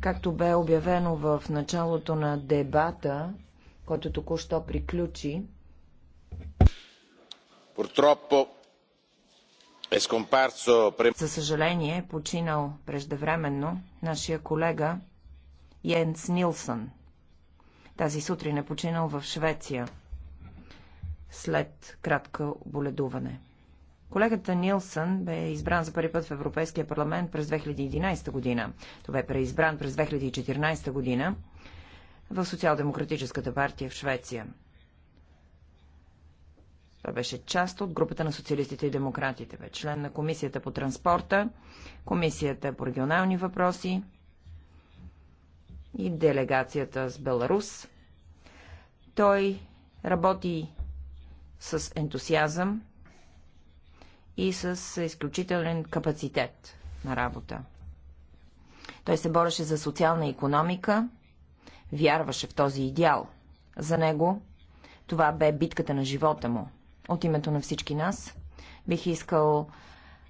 Както бе обявено в началото на дебата, който току-що приключи, е за съжаление, е починал преждевременно нашия колега Йенс Нилсън. Тази сутрин е починал в Швеция след кратко боледуване. Колегата Нилсън бе избран за първи път в Европейския парламент през 2011 година. Той бе преизбран през 2014 година в Социал-демократическата партия в Швеция. Той беше част от групата на социалистите и демократите. Бе член на Комисията по транспорта, Комисията по регионални въпроси и делегацията с Беларус. Той работи с ентусиазъм и с изключителен капацитет на работа. Той се бореше за социална економика, вярваше в този идеал. За него това бе битката на живота му. От името на всички нас бих искал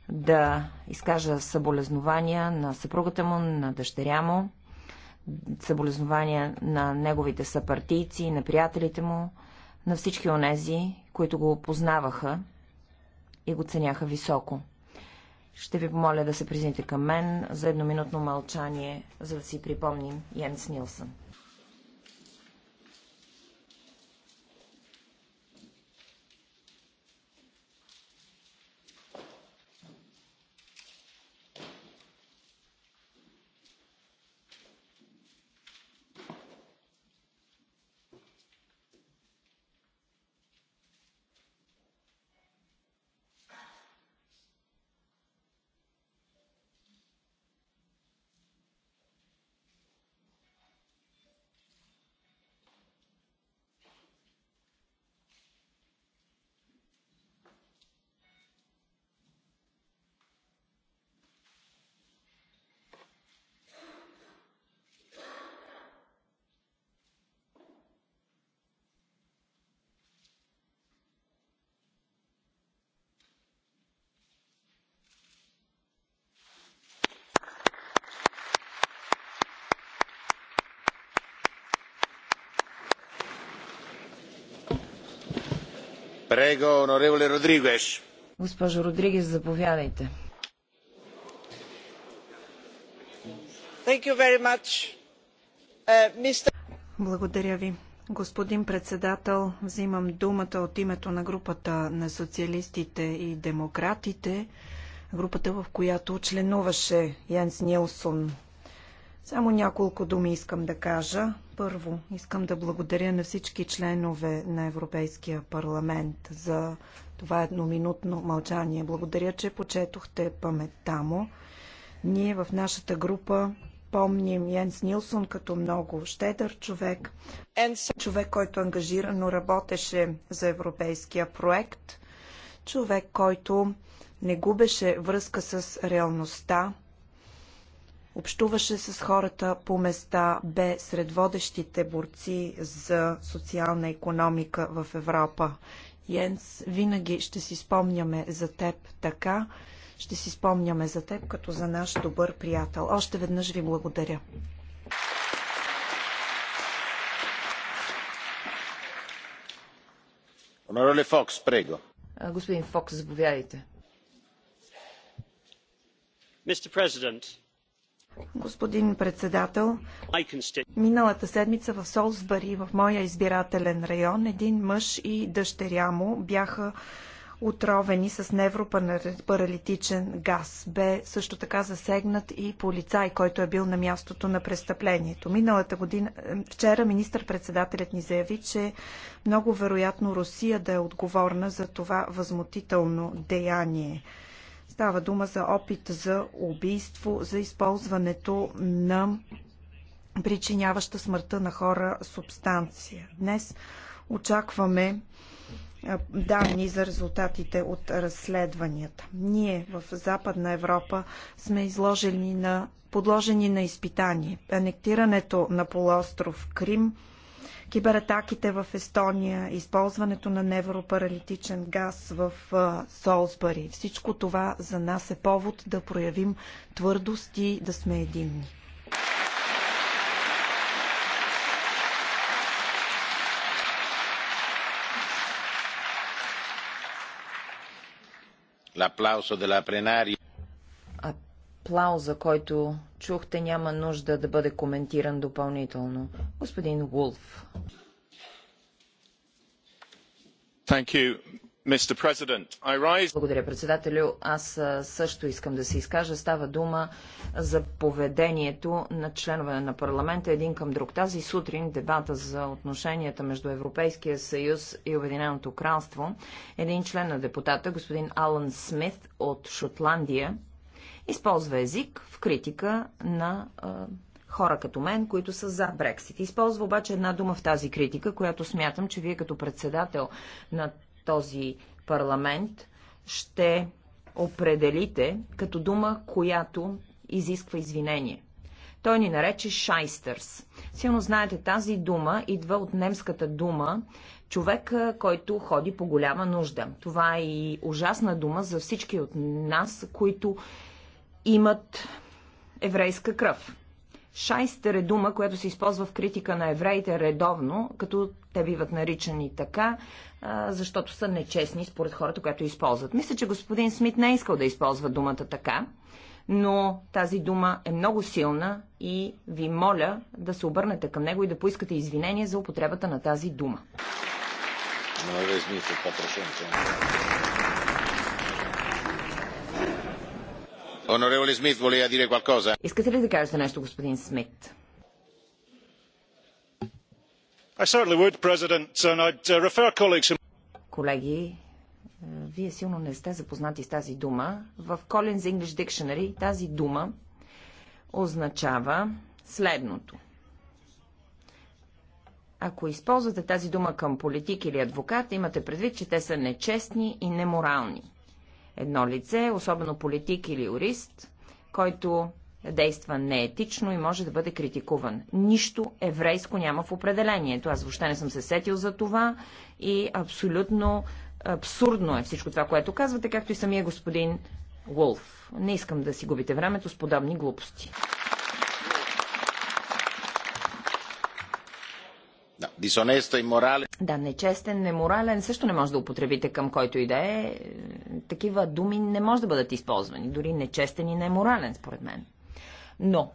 да изкажа съболезнования на съпругата му, на дъщеря му, съболезнования на неговите съпартийци, на приятелите му, на всички онези, които го познаваха и го ценяха високо. Ще ви помоля да се призните към мен за едноминутно мълчание, за да си припомним Йенс Нилсън. Госпожо Родригес, заповядайте. Uh, Благодаря ви. Господин председател, взимам думата от името на групата на социалистите и демократите, групата в която членуваше Янс Нилсон само няколко думи искам да кажа. Първо, искам да благодаря на всички членове на Европейския парламент за това едноминутно мълчание. Благодаря, че почетохте паметта му. Ние в нашата група помним Йенс Нилсон като много щедър човек, човек, който ангажирано работеше за европейския проект, човек, който не губеше връзка с реалността, общуваше с хората по места, бе сред водещите борци за социална економика в Европа. Йенс, винаги ще си спомняме за теб така, ще си спомняме за теб като за наш добър приятел. Още веднъж ви благодаря. Фокс, прего. Господин Фокс, заповядайте. Mr. President, Господин председател, миналата седмица в Солсбъри, в моя избирателен район, един мъж и дъщеря му бяха отровени с невропаралитичен газ. Бе също така засегнат и полицай, който е бил на мястото на престъплението. Миналата година, вчера министър-председателят ни заяви, че много вероятно Русия да е отговорна за това възмутително деяние. Става дума за опит за убийство, за използването на причиняваща смъртта на хора субстанция. Днес очакваме данни за резултатите от разследванията. Ние в Западна Европа сме изложени на, подложени на изпитание. Анектирането на полуостров Крим – кибератаките в Естония, използването на невропаралитичен газ в Солсбъри. Всичко това за нас е повод да проявим твърдост и да сме единни. l'applauso della plenaria аплауза, който чухте, няма нужда да бъде коментиран допълнително. Господин Вулф. Благодаря, председателю. Аз също искам да се изкажа. Става дума за поведението на членове на парламента един към друг. Тази сутрин дебата за отношенията между Европейския съюз и Обединеното кралство, един член на депутата, господин Алан Смит от Шотландия, използва език в критика на а, хора като мен, които са за Брексит. Използва обаче една дума в тази критика, която смятам, че вие като председател на този парламент ще определите като дума, която изисква извинение. Той ни нарече шайстърс. Силно знаете, тази дума идва от немската дума човек, който ходи по голяма нужда. Това е и ужасна дума за всички от нас, които имат еврейска кръв. Шайстер е дума, която се използва в критика на евреите редовно, като те биват наричани така, защото са нечестни според хората, които използват. Мисля, че господин Смит не е искал да използва думата така, но тази дума е много силна и ви моля да се обърнете към него и да поискате извинение за употребата на тази дума. No, Onorevole dire qualcosa? Искате ли да кажете нещо, господин Смит? I certainly would, President, and I'd uh, refer colleagues... Колеги, е, вие силно не сте запознати с тази дума. В Collins English Dictionary тази дума означава следното. Ако използвате тази дума към политик или адвокат, имате предвид, че те са нечестни и неморални едно лице, особено политик или юрист, който действа неетично и може да бъде критикуван. Нищо еврейско няма в определението. Аз въобще не съм се сетил за това и абсолютно абсурдно е всичко това, което казвате, както и самия господин Уолф. Не искам да си губите времето с подобни глупости. Дисонесто и морален. Да, нечестен, неморален също не може да употребите към който и да е. Такива думи не може да бъдат използвани. Дори нечестен и неморален, според мен. Но,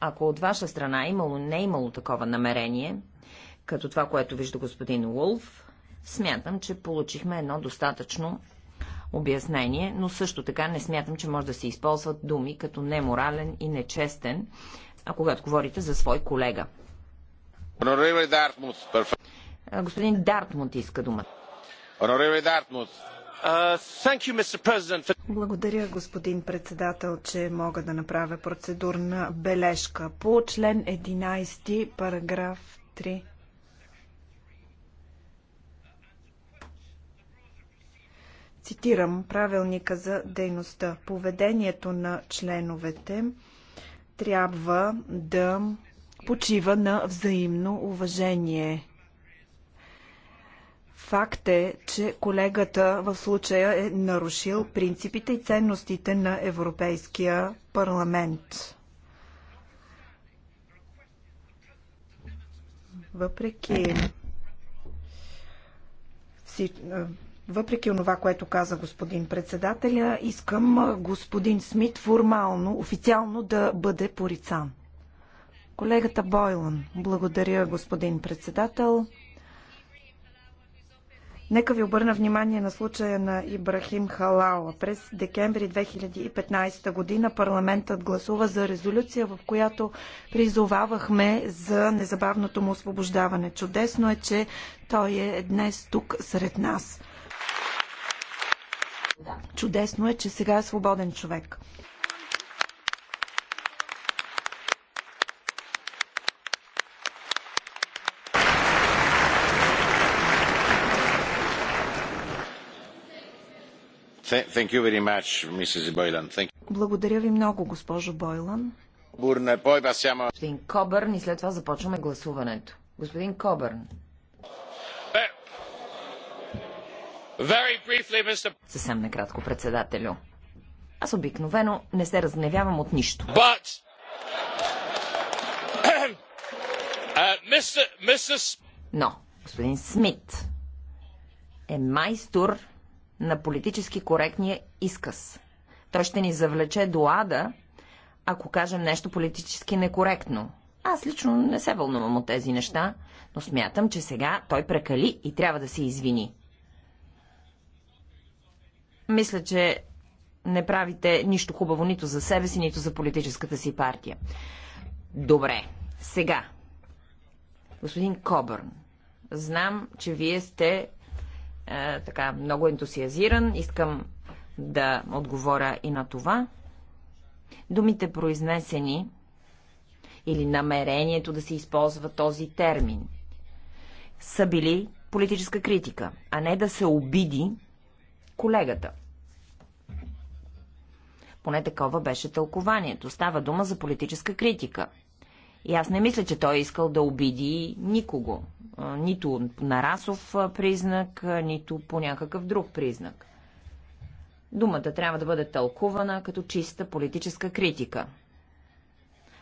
ако от ваша страна имало, не е имало такова намерение, като това, което вижда господин Улф, смятам, че получихме едно достатъчно обяснение, но също така не смятам, че може да се използват думи като неморален и нечестен, а когато говорите за свой колега. Господин Дартмут иска думата. Благодаря, господин председател, че мога да направя процедурна бележка. По член 11, параграф 3. Цитирам правилника за дейността. Поведението на членовете трябва да почива на взаимно уважение. Факт е, че колегата в случая е нарушил принципите и ценностите на Европейския парламент. Въпреки въпреки онова, което каза господин председателя, искам господин Смит формално, официално да бъде порицан. Колегата Бойлан. Благодаря, господин председател. Нека ви обърна внимание на случая на Ибрахим Халала. През декември 2015 година парламентът гласува за резолюция, в която призовавахме за незабавното му освобождаване. Чудесно е, че той е днес тук сред нас. Чудесно е, че сега е свободен човек. Благодаря ви много, госпожо Бойлан. Е, господин Кобърн и след това започваме гласуването. Господин Кобърн. Е, Съвсем накратко, председателю. Аз обикновено не се разгневявам от нищо. But... Uh, Но господин Смит е майстор на политически коректния изказ. Той ще ни завлече до ада, ако кажем нещо политически некоректно. Аз лично не се вълнувам от тези неща, но смятам, че сега той прекали и трябва да се извини. Мисля, че не правите нищо хубаво нито за себе си, нито за политическата си партия. Добре, сега. Господин Кобърн, знам, че вие сте е, така много ентусиазиран. Искам да отговоря и на това. Думите произнесени или намерението да се използва този термин са били политическа критика, а не да се обиди колегата. Поне такова беше тълкованието. Става дума за политическа критика – и аз не мисля, че той е искал да обиди никого. Нито на расов признак, нито по някакъв друг признак. Думата трябва да бъде тълкувана като чиста политическа критика.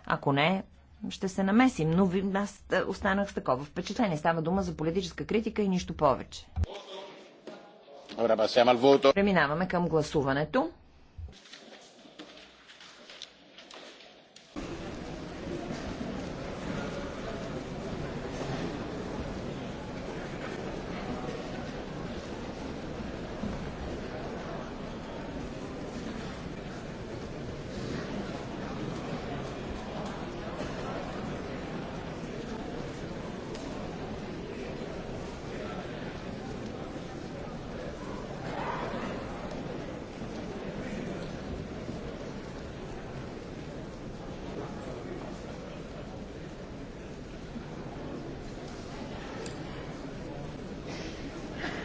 Ако не, ще се намесим, но аз останах с такова впечатление. Става дума за политическа критика и нищо повече. Преминаваме към гласуването.